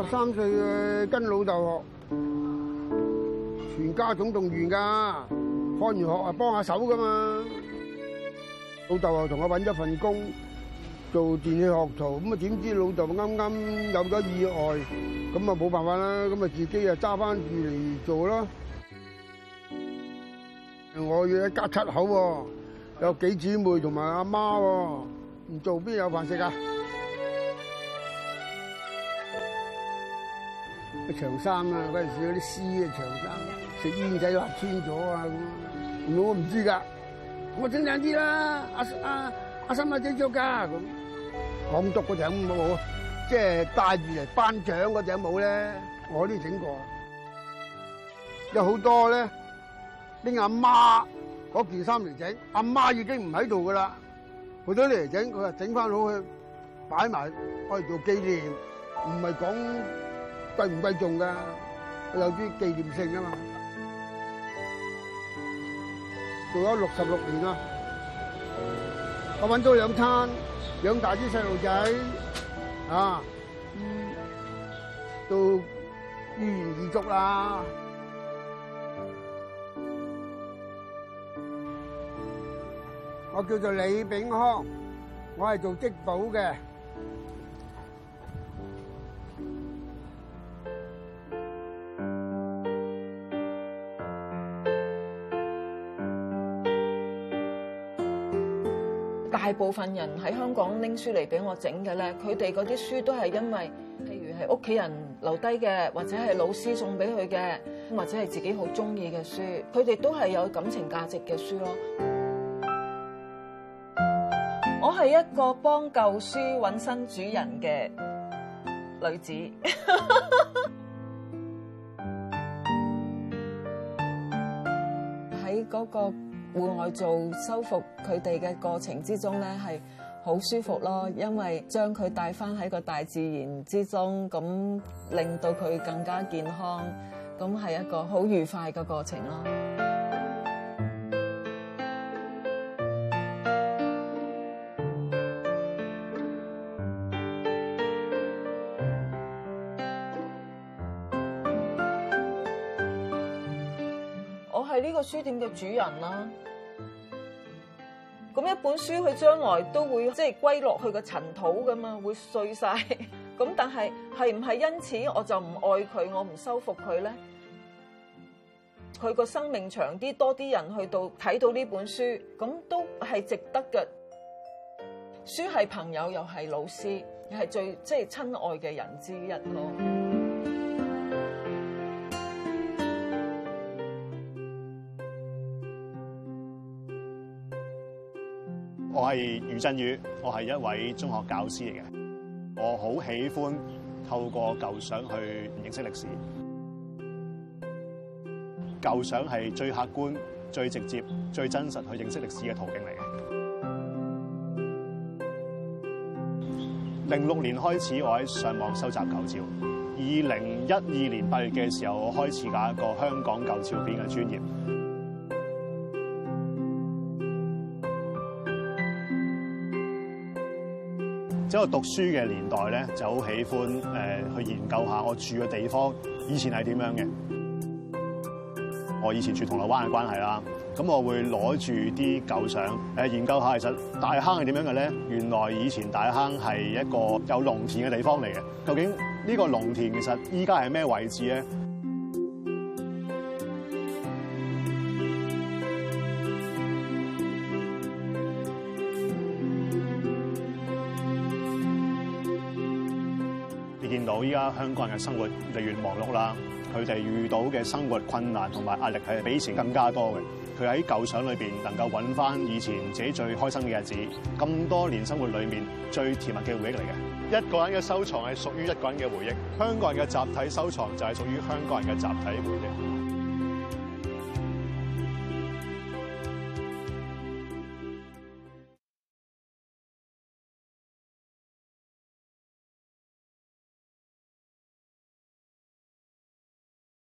十三歲嘅跟老豆學，全家總動員噶放完學啊幫下手噶嘛。老豆又同我搵咗份工做電器學徒，咁啊點知老豆啱啱有咗意外，咁啊冇辦法啦，咁啊自己啊揸翻住嚟做咯。我要一家七口，有幾姊妹同埋阿媽，唔做邊有飯食啊？長衫啊，嗰陣時有啲絲啊，長衫食煙仔辣穿咗啊，咁我唔知噶，我整靚啲啦，阿啊阿三阿整咗噶，咁港督嗰隻帽，即係戴住嚟頒獎嗰隻帽咧，我都整過，有好多咧拎阿媽嗰件衫嚟整，阿媽已經唔喺度噶啦，佢都嚟整，佢啊整翻好去擺埋，可以做紀念，唔係講。貴唔貴重噶？有啲紀念性噶嘛。做咗六十六年啦，我搵咗兩餐，養大啲細路仔，啊，嗯，都如願以足啦。我叫做李炳康，我係做織補嘅。大部分人喺香港拎書嚟俾我整嘅咧，佢哋嗰啲書都係因為譬如係屋企人留低嘅，或者係老師送俾佢嘅，或者係自己好中意嘅書，佢哋都係有感情價值嘅書咯。我係一個幫舊書揾新主人嘅女子，喺嗰個。戶外做修復佢哋嘅過程之中呢，係好舒服咯，因為將佢帶翻喺個大自然之中，咁令到佢更加健康，咁係一個好愉快嘅過程咯。係呢個書店嘅主人啦、啊，咁一本書佢將來都會即係歸落去個塵土噶嘛，會碎晒。咁但係係唔係因此我就唔愛佢，我唔修復佢咧？佢個生命長啲，多啲人去到睇到呢本書，咁都係值得嘅。書係朋友又係老師，又係最即係、就是、親愛嘅人之一咯。我係余震宇，我係一位中學教師嚟嘅。我好喜歡透過舊相去認識歷史。舊相係最客觀、最直接、最真實去認識歷史嘅途徑嚟嘅。零六年開始，我喺上網收集舊照。二零一二年八月嘅時候，我開始搞一個香港舊照片嘅專業。即係我讀書嘅年代咧，就好喜歡誒去研究下我住嘅地方以前係點樣嘅。我以前住銅鑼灣嘅關係啦，咁我會攞住啲舊相誒研究下，其實大坑係點樣嘅咧？原來以前大坑係一個有農田嘅地方嚟嘅。究竟呢個農田其實依家係咩位置咧？見到依家香港人嘅生活越嚟越忙碌啦，佢哋遇到嘅生活困難同埋壓力係比以前更加多嘅。佢喺舊相裏面能夠揾翻以前自己最開心嘅日子，咁多年生活裏面最甜蜜嘅回憶嚟嘅。一個人嘅收藏係屬於一個人嘅回憶，香港人嘅集體收藏就係屬於香港人嘅集體回憶。